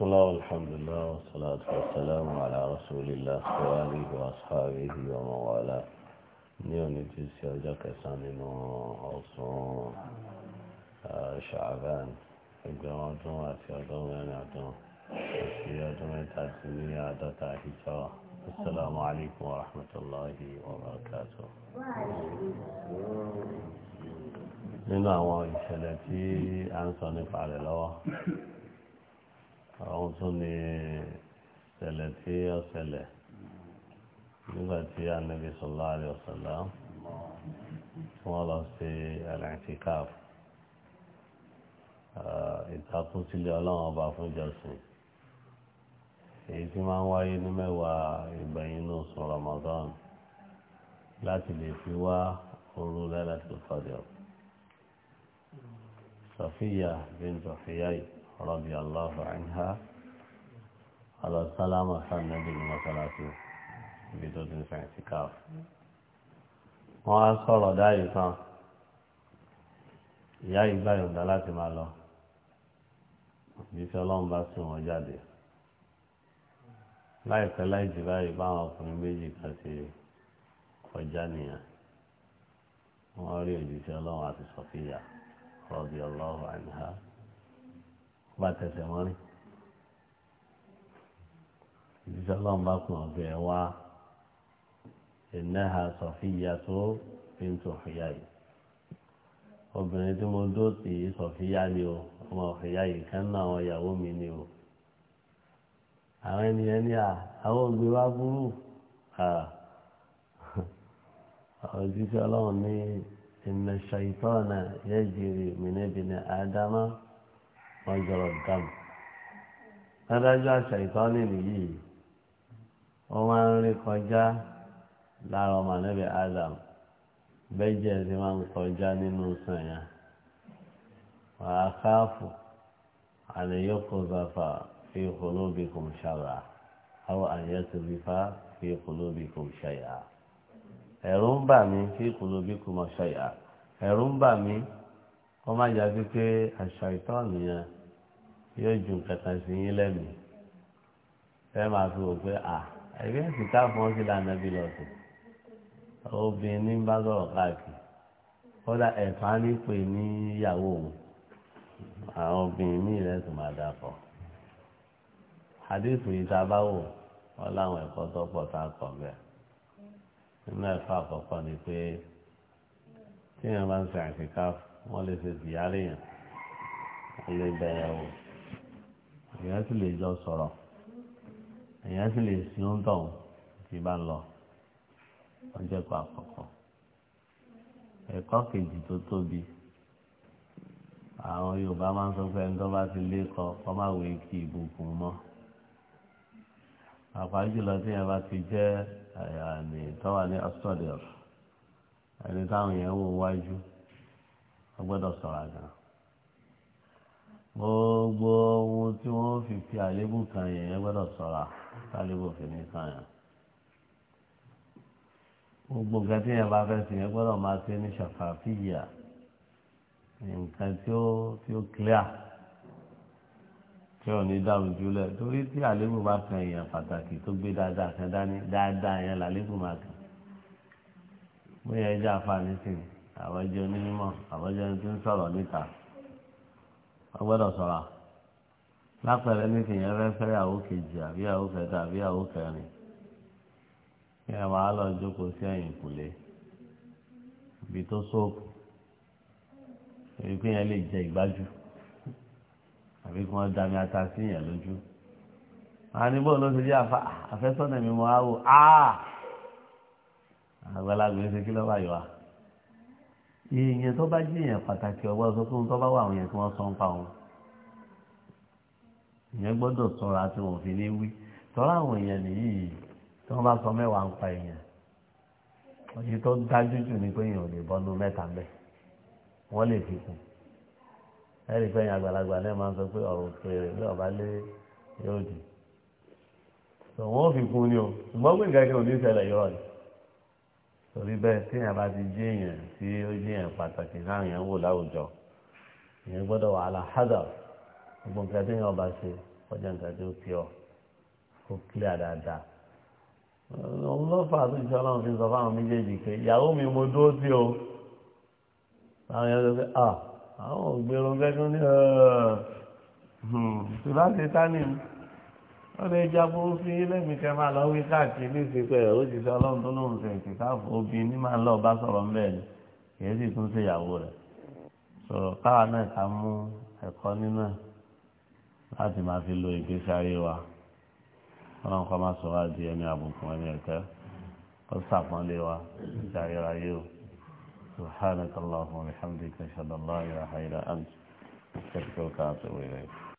بسم الله والحمد لله والصلاة والسلام على رسول الله وآله وأصحابه ومن والاه اليوم نجلس يرجع كسان إنه أصوم شعبان ìgbẹ̀wọ̀n ọdún àti ọdún mẹ́rin ọdún àti ọdún mẹ́ta sí ní àádọ́ta àhíjọ́ assalamu alaikum wa rahmatullahi wa barakatuh nínú àwọn ìṣẹ̀lẹ̀ tí a ń sọ nípa rẹ̀ lọ́wọ́ àwọn tún ní ṣẹlẹ̀ tí ó ṣẹlẹ̀ nígbà tí anabi sọlá àlẹ ọsàlá tí wọn lọ sí al-i'tikaf ìtakùn sílẹ̀ Ọlọ́run ọba fún jọ́sìn èyí tí máa ń wáyé ní mẹ́wàá ìgbẹ̀yìn ní oṣù Ramadan láti lè fi wá òru lẹ́lẹ́tì fọ́dẹ̀ Safiya bint Huyay yìí. رضي الله عنها على السلامة النبي المسلاة بدون اعتكاف wọ́n á sọ̀rọ̀ dáyé kan ìyá ìgbà yọ̀ǹda láti máa lọ ìdíṣẹ́ ọlọ́run bá sì wọ́n jáde láìpẹ́ láì jù báyìí báwọn ọkùnrin méjì kan kọjá nìyẹn wọ́n rí òjíṣẹ́ ọlọ́run àti sọ̀fíyà rọ̀bì ọlọ́run àìníhà bá tẹsẹ̀ wọn rí ìdíjọ́ ọlọ́run bá kún ọ̀gbẹ́ ẹ̀ wá ìnáha sọ̀fíyà tó fi ń tó fìyà yìí obìnrin tí mo dó tì í sọ̀fíyà ni o ọmọ fìyà yìí kan náà àwọn ìyàwó mi ni o àwọn ènìyàn ní à àwọn ògbé wá burú òjíṣẹ́ ọlọ́run ní ìnà ṣàìtọ́nà yẹ́jìrì mìíràn bìnrin àdámá. wọn jọrọ nǹkan dádájọ́ àṣà ìtọ́ni nìyí o máa ń rí kọjá lára ọmọ Adam bẹ́jẹ̀ ti máa ń kọjá nínú sànyà wàá káfù àníyókò zàfà fi kòlóbì kò ṣàrà àwọn àyẹ̀tò fífa fi kòlóbì kò ṣàyà ẹ̀rù ń bà fi kò ṣàyà ń kọ́ má jà sí pé àṣà ìtọ́ọ̀nù yẹn yóò ju kankan sí yín lẹ́mìí ẹ máa fi wò pé à ẹgbẹ́ sì ká fún ọ sí lànà bí lọ́sẹ̀ obìnrin ní bá sọ̀rọ̀ káàkiri kódà ẹ̀fọn ní pè ní ìyàwó òun àwọn obìnrin míì rẹ̀ sì máa dàpọ̀ àdéhùn yìí tá a bá wò wọ́n láwọn ẹ̀kọ́ tó pọ̀ tá a kọ̀ bẹ́ẹ̀ nínú ẹ̀fọ́ àkọ́kọ́ ni pé tí èèyàn bá ń ṣe àṣekáfù wọ́n lè ṣe ìyáálé yẹn wọ́n lè bẹ̀rẹ̀ o èèyàn sì lè jọ sọ̀rọ̀ èèyàn sì lè sin ó ń tọ̀ tí bá ń lọ wọ́n jẹ́ kó àkọ́kọ́ ẹ̀kọ́ kejì tó tóbi àwọn Yorùbá máa ń sọ pé ẹni tó bá ti lé kọ kọ́ máa wé kí ìbùkún mọ́ àpá jùlọ tí yẹn bá ti jẹ́ ẹ̀yà eh, ni tọ́wà ní ọ̀sọ̀dẹ̀ ẹni táwọn yẹn wò wájú wọ́n gbọ́dọ̀ sọ̀rọ̀ àgbà gbogbo ohun tí wọ́n fi fi àlébù kan yẹn yẹn gbọ́dọ̀ sọ̀rọ̀ àlébù fi ní kan yẹn gbogbo nǹkan tí yẹn bá fẹ́ sí yẹn gbọ́dọ̀ máa ṣe ní ṣàfàfíyà nǹkan tí ó tí ó clear tí ò ní dáhùn jùlẹ̀ torí tí àlébù bá kan èèyàn pàtàkì tó gbé dáadáa kan dání dáadáa yẹn làlébù máa kàn bóyá ẹja àfa nísìnyí àwọn jẹ́ onímọ̀ àwọn jẹ́ tó ń sọ̀rọ̀ níta wọ́n gbọ́dọ̀ sọ̀rọ̀ lápẹẹrẹ ní kìnyẹn fẹ́ fẹ́ yàwó kejì àbí yàwó kẹta àbí yàwó kẹrin kí ẹ máa lọ jókòó sí ẹ̀yìn kùlé ibi tó sóòpù èyí pé yẹn lè jẹ ìgbájú àbí kí wọ́n dami ata sí yẹn lójú àníbò ló ti jẹ́ àfẹ́sọ́nà mi mọ́ àwò àà àgbàlagbè ṣe kí lọ́ba yìí wá èèyàn tó bá jí èèyàn pàtàkì ọwọ́ sọ fún tó bá wà àwọn èèyàn tí wọ́n sọ ń pa wọn èèyàn gbọ́dọ̀ sọ̀rọ̀ àti wọn fi ní wí tọ́lá àwọn èèyàn nìyí tí wọ́n bá sọ mẹ́wàá ń pa èèyàn ọyẹ tó dájú jù ni pé èèyàn ò lè bọ́nu mẹ́ta mẹ́ wọ́n lè fi kù ẹ̀rí pé èèyàn àgbàlagbà náà máa ń sọ pé ọ̀rọ̀ òkèèrè bí ọ̀bá lé yóò dì wọ́n fi kù ni o ṣùgbọ́n pé nǹkan kan ò torí bẹ́ẹ̀ téèyàn bá ti jẹ́ èèyàn tí ó jẹ́ èèyàn pàtàkì láwọn èèyàn wò láwùjọ èèyàn gbọ́dọ̀ wà á la hádà gbogbo nǹkan téèyàn ọba ṣe ọjà nǹkan tó pè ọ́ kó kílẹ̀ dáadáa òun ló fà á tó ìṣọ́ ọlọ́run fi sọ fáwọn méjèèjì pé ìyàwó mi mo dúró sí o àwọn èèyàn sọ pé ah àwọn ògbérun gẹ́gẹ́ ní ẹ̀ẹ́ hmm, ṣùgbọ́n ṣe tánì wọ́n lè jábọ̀ fi lẹ́mìí kẹ́ máa lọ wí káàkiri ní ìsìnkú ẹ̀ ó ti sọ ọlọ́run tó lóun ṣe ìtìkáàfù obìnrin ní máa ń lọ bá sọ̀rọ̀ ńbẹ̀ ni kìí sì tún ṣe ìyàwó rẹ̀ sọ̀rọ̀ káwa náà ká mú ẹ̀kọ́ nínú ẹ̀ láti máa fi lo ìgbésí ayé wa ọlọ́run kọ́ máa sọ wá di ẹni àbùkù ẹni ẹ̀kẹ́ ó sàpọ́nlé wa ìgbésí ayé ra yé o subhanakallahumma wa bihamdika ashhadu